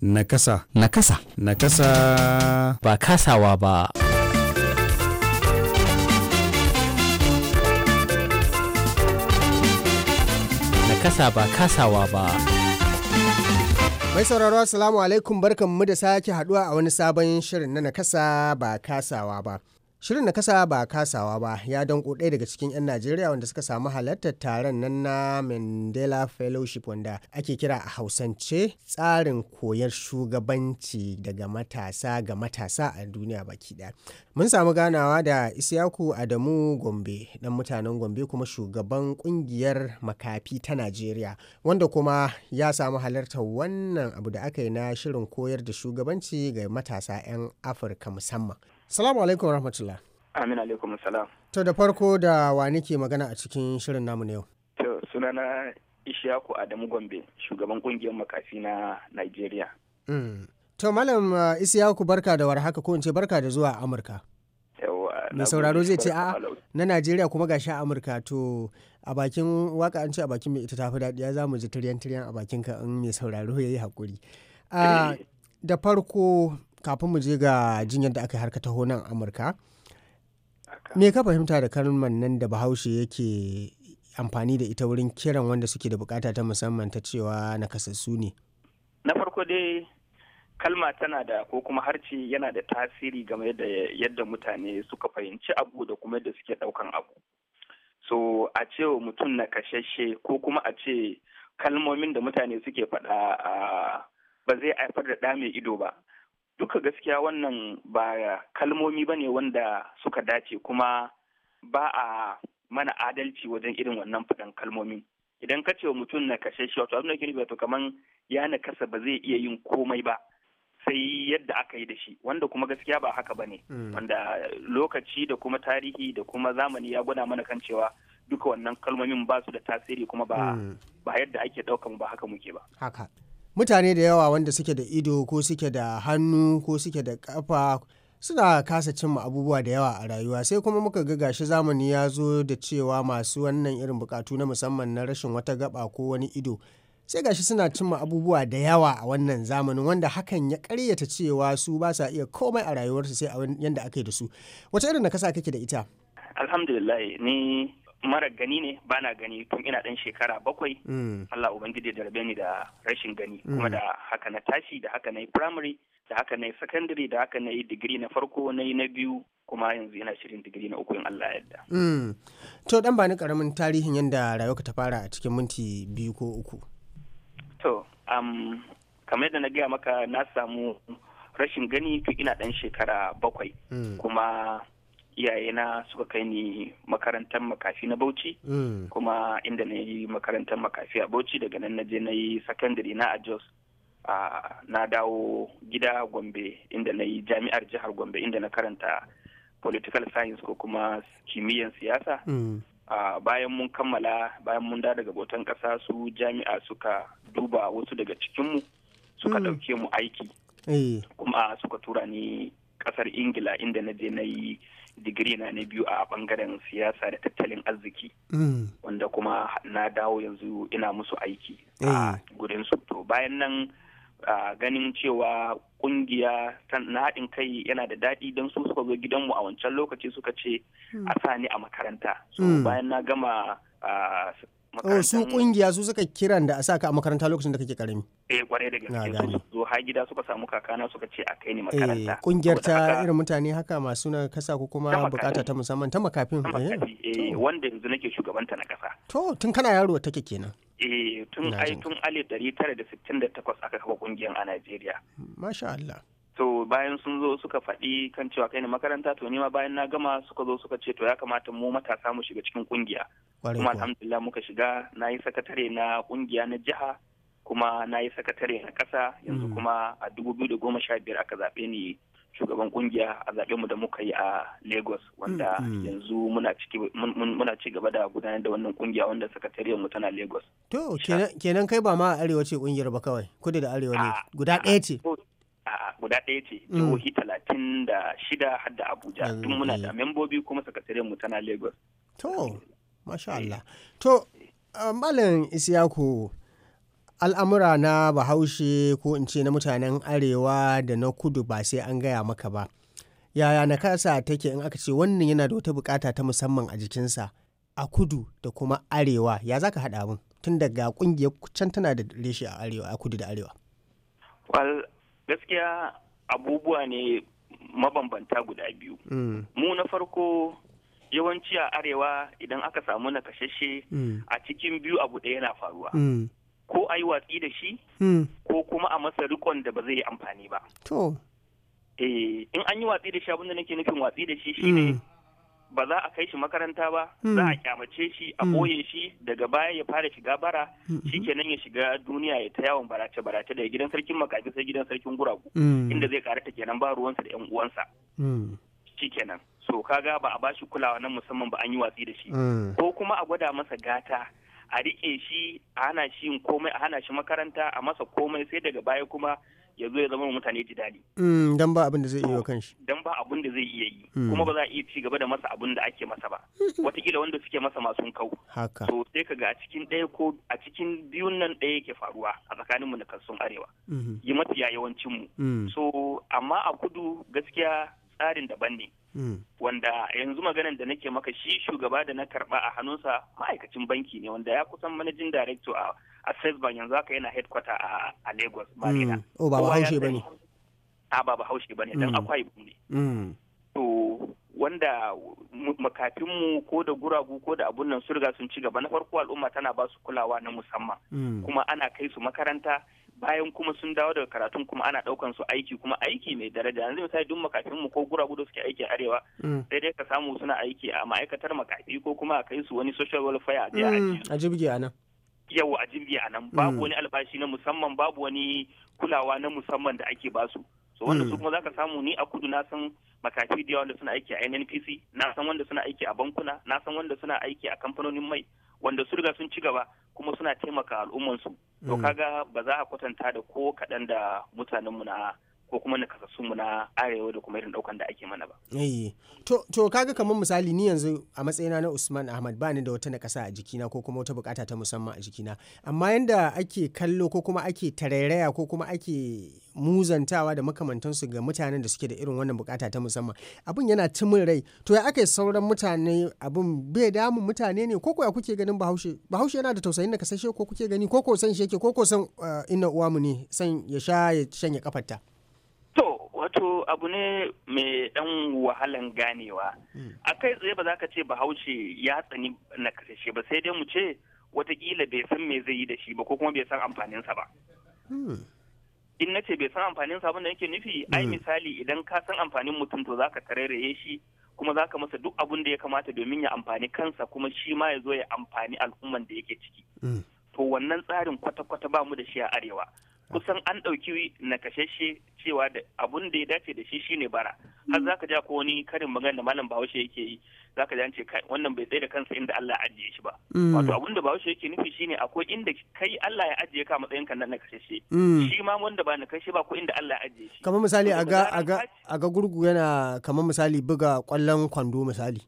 Nakasa. Nakasa. Nakasa. Ba kasawa ba. Nakasa ba kasawa ba. Mai sauraro Assalamu alaikum barkan mu da sake haduwa a wani sabon shirin na nakasa ba kasawa ba. Shirin na kasa ba kasawa ba ya danko ɗaya daga cikin 'yan Najeriya wanda suka samu halartar taron nan na Mandela Fellowship wanda ake kira a Hausance tsarin koyar shugabanci daga matasa ga matasa a duniya baki ɗaya. Mun samu ganawa da Isiyaku Adamu Gombe dan mutanen Gombe kuma shugaban kungiyar makafi ta Najeriya wanda kuma ya samu halartar wannan abu da aka yi na shirin koyar da shugabanci ga matasa 'yan Afirka musamman. Salamu alaikum rahmatullah. Amin alaikum salam. To da farko da wa nake magana a cikin shirin namu na yau. To sunana Ishaku Adamu Gombe, shugaban kungiyar makafi na nigeria. Mm. To Malam uh, Ishaku barka da warhaka ko in ce barka da zuwa Amurka. Mai sauraro zai ce a na Najeriya kuma gashi a Amurka to a bakin waka an ce a bakin mai ita tafi ya za mu ji tiryan tiryan a bakin ka in mai sauraro ya yi haƙuri. Eh. Ah, da farko kafin mu je ga jinyar da aka yi harka taho nan amurka me ka fahimta da kalmar nan da bahaushe yake amfani da ita wurin kiran wanda suke da bukata ta musamman ta cewa nakasassu ne na farko dai kalma tana da ko kuma harci yana da tasiri game da yadda mutane suka fahimci abu da kuma yadda suke daukan abu so a ce mutum na kashashe ko kuma a ce kalmomin da mutane suke faɗa ba zai haifar da ɗa mai ido ba duka gaskiya wannan ba kalmomi ba ne wanda suka dace kuma ba a mana adalci wajen irin wannan faɗan kalmomi idan ka ce wa mutum na kashe shi wato abin da ke wato kamar ya na kasa ba zai iya yin komai ba sai yadda aka yi da shi wanda kuma gaskiya ba haka ba ne hmm. wanda lokaci da kuma tarihi da kuma zamani ya gwada mana kan cewa duka wannan kalmomin ba su da tasiri kuma ba hmm. yadda ake ɗaukan ba haka muke ba mutane da yawa wanda suke da ido ko suke da hannu ko suke da kafa suna kasa cimma abubuwa da yawa a rayuwa sai kuma muka ga gashi zamani ya zo da cewa masu wannan irin bukatu na musamman na rashin wata gaba ko wani ido sai gashi suna cimma abubuwa da yawa a wannan zamanin wanda hakan ya karyata cewa su ba sa iya komai a rayuwarsu sai a yanda ake da su wace irin kasa kake da ita alhamdulillah ni mara gani ne ba na gani tun ina ɗan shekara bakwai mm. Allah ubangiji da rabe ni da rashin gani mm. kuma da haka na tashi da haka na yi primary da haka na yi secondary da haka na yi digiri na farko na yi na biyu kuma yanzu yana shirin digiri na uku in Allah yadda. Mm. To dan ba ni karamin tarihin yadda rayuwa ta fara a cikin minti biyu ko uku. To kamar yadda na gaya maka na samu rashin gani tun ina ɗan shekara bakwai kuma iyayena suka kai ni makarantar makafi na bauchi mm. kuma inda na yi makarantar makafi a bauchi daga nan na je na yi sakandare na a jos na dawo gida gombe inda na yi jami'ar jihar gombe inda na karanta political science ko kuma kimiyyar siyasa mm. bayan mun kammala bayan mun da daga botan ƙasa su jami'a suka duba wasu daga cikinmu suka mm. ɗauke mu aiki eh. kuma suka tura ni ƙasar ingila inda na je na yi digiri na na biyu a bangaren siyasa da tattalin arziki mm. wanda kuma na dawo yanzu ina musu aiki a eh. gudun su to bayan nan ganin cewa kungiya na haɗin kai yana da daɗi don su suka zo gidanmu a wancan lokaci suka ce mm. a sa ni a makaranta so mm. bayan na gama makarantar. Oh, su kungiya su suka kiran da a saka a makaranta lokacin da kake karami. Eh kware da gaske su zo har gida suka samu kakana suka ce a kai ni eh, makaranta. Eh kungiyar ta irin mutane haka masu na kasa ko kuma bukata ta musamman ta makafin. Eh, eh wanda yanzu nake shugabanta na kasa. To tun kana yaro take kenan. Eh tun ai tun 1968 aka kafa kungiyar a Najeriya. Masha Allah. to bayan sun zo suka faɗi kan cewa kai ne makaranta to nima bayan na gama suka zo suka ce to ya kamata mu matasa mu shiga cikin kungiya kuma alhamdulillah muka shiga na yi sakatare na kungiya na jiha kuma na yi sakatare na kasa yanzu mm. kuma a dubu biyu da goma sha biyar aka zaɓe ni shugaban kungiya a zaɓe mu da muka yi a lagos wanda mm, mm. yanzu muna ci gaba da gudanar da wannan kungiya wanda sakatariyar mu tana lagos to kenan kai ba ma arewa ce kungiyar ba kawai kudu da arewa ne guda ɗaya ce guda ɗaya ce mm. jihohi talatin da shida har da abuja duk muna da eh. membobi kuma sakatare mu tana lagos to masha eh. Allah to eh, malam isiyaku al'amura na bahaushe ko in ce na mutanen arewa da na kudu ba sai an gaya maka ba yaya na kasa take in aka ce wannan yana da wata bukata ta musamman a jikinsa a kudu da kuma arewa ya za ka haɗa abin tun daga ƙungiyar can tana da reshe a kudu da arewa gaskiya abubuwa ne mabambanta guda biyu hmm. mu na farko yawanci a arewa idan aka samu na kashashe hmm. a cikin biyu abu ɗaya yana faruwa hmm. ko a yi watsi da shi ko kuma a masa rikon da ba zai yi amfani ba eh, in an yi watsi da shi abinda nake nufin watsi da shi shine ba za a kai shi makaranta ba hmm. za a kyamace shi a boye hmm. shi daga baya ya fara shiga bara hmm. shikenan ya shiga duniya ya ta yawon barace barace daga gidan sarkin makafi sai gidan sarkin guragu inda zai ta kenan ba ruwansa da yan uwansa shikenan so kaga ba a bashi kulawa nan musamman ba an yi watsi da shi ko kuma a gwada masa gata a riƙe shi a hana shi komai a hana shi makaranta a masa komai sai daga baya kuma ya zo ya zama mutane ji daɗi. Mm, dan ba abin da zai iya kanshi. Dan ba abin da zai iya yi. Mm. Kuma ba za a iya ci gaba da masa abin da ake masa ba. Wataƙila wanda suke masa ma kau. Haka. To sai ka ga a cikin ɗaya ko a cikin biyun nan ɗaya yake faruwa a tsakaninmu na kassun arewa. Mm-hmm. Yi mafiya yawancin mu. Mm. So amma a kudu gaskiya tsarin daban ne hmm. wanda yanzu maganan da nake maka shi shugaba da na karba a hannunsa ma'aikacin banki ne wanda ya kusan manajin director a access bank yanzu haka yana headquarter a lagos hmm. marina o oh, ba haushe ba a ba haushe ba hmm. ne dan akwai ne to wanda makafinmu ko da guragu ko da abun nan surga sun ci gaba na farko al'umma tana ba su kulawa na musamman kuma ana kai su makaranta bayan kuma sun dawo daga karatun kuma ana daukan su aiki kuma aiki mai daraja yanzu misali duk makafin mu ko guragu da suke aiki arewa mm. sai dai ka samu suna aiki a ma'aikatar makafi ko kuma a kai su wani social welfare a mm. a jibge a nan yau a jibge a nan babu mm. wani albashi na musamman babu wani kulawa na musamman da ake su. so wanda su kuma zaka samu ni a kudu na san makafi da wanda suna aiki a NNPC na san wanda suna aiki a bankuna na san wanda suna aiki a kamfanonin mai wanda su riga sun ci gaba kuma suna taimaka al'ummansu to mm. kaga ba za a kwatanta da ko kaɗan da mutanenmu na ko kuma na kasassun mu na arewa da kuma irin daukan da ake mana ba. Eh to to kaga kamar misali ni yanzu a matsayina na Usman Ahmad ba ni da wata nakasa a jikina ko kuma wata bukata ta musamman a jikina amma yanda ake kallo ko kuma ake tarairaya ko kuma ake muzantawa da makamantansu ga mutanen da suke da irin wannan bukata ta musamman abin yana timin rai to ya aka sauran mutane abin bai damun mutane ne ko ya kuke ganin bahaushe bahaushe yana da tausayin da kasashe ko kuke gani ko ko san shi yake ko ko san eh, inna uwa mu ne san ya sha ya shanya kafarta wato abu ne mai dan wahalan ganewa hmm. a kai tsaye ba za ka ce bahaushe ya tsani na kasashe ba sai dai mu ce watakila bai san me zai yi da shi ba ko kuma bai san amfaninsa ba hmm. in na ce bai san amfanin sabon da yake nufi ai hmm. misali idan ka san amfanin mutum to zaka tarairaye shi kuma zaka masa duk abun da ya kamata domin ya amfani kansa kuma shi ma ya zo ya amfani al'umman da yake ciki to wannan tsarin kwata-kwata ba mu da shi a arewa kusan an ɗauki na nakashashe cewa da abun da ya dace da shi shine bara har mm. zaka ja ko wani karin magana da malam bahaushe yake yi zaka ji an ce wannan bai tsaye da kansa inda Allah ya ajiye shi ba mm. wato abun da bahaushe yake nufi shine akwai inda kai Allah ya ajiye ka matsayin kan nan nakashashe mm. shi ma wanda ba na nakashe ba ko inda Allah ya ajiye shi kamar misali aga aga gurgu yana kamar misali buga kwallon kwando misali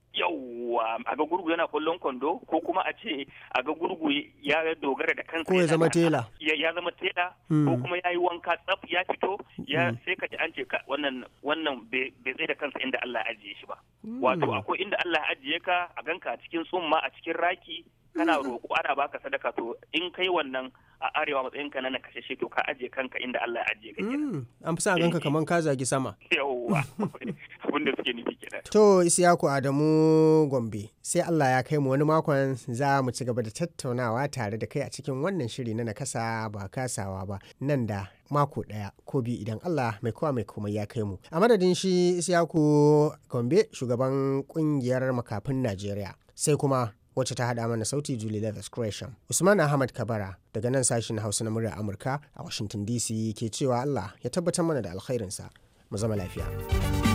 Um, a ga gurgu yana kullun kwando ko kuma a ce a ga gurgu ya dogara da kansa ko ya zama tela ya zama tela ko hmm. kuma ya yi wanka tsaf ya fito ya hmm. sai ka ji an ce wannan wannan bai zai da kansa inda Allah ya ajiye shi ba hmm. wato akwai inda Allah ya ajiye ka a ganka a cikin tsumma a cikin raki kana roƙo ana baka sadaka to in kai wannan a arewa matsayin ka na shi to ka aje kanka inda Allah ya ajiye ka an fi sa ganka eh. kaman ka zagi sama yawwa abin da suke nufi kenan. To Isiyaku Adamu Gombe sai Allah ya kai mu wani makon za mu ci gaba da tattaunawa tare da kai a cikin wannan shiri na nakasa ba kasawa ba nan da mako daya ko biyu idan Allah mai kowa mai komai ya kai mu. A madadin shi Isiyaku Gombe shugaban kungiyar makafin Najeriya sai kuma wacce ta haɗa mana sauti Julie Leathers Gresham. Usman Ahmad Kabara daga nan sashen Hausa na muryar Amurka a Washington DC ke cewa Allah ya tabbatar mana da alkhairinsa. Mu zama lafiya.